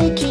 shaking.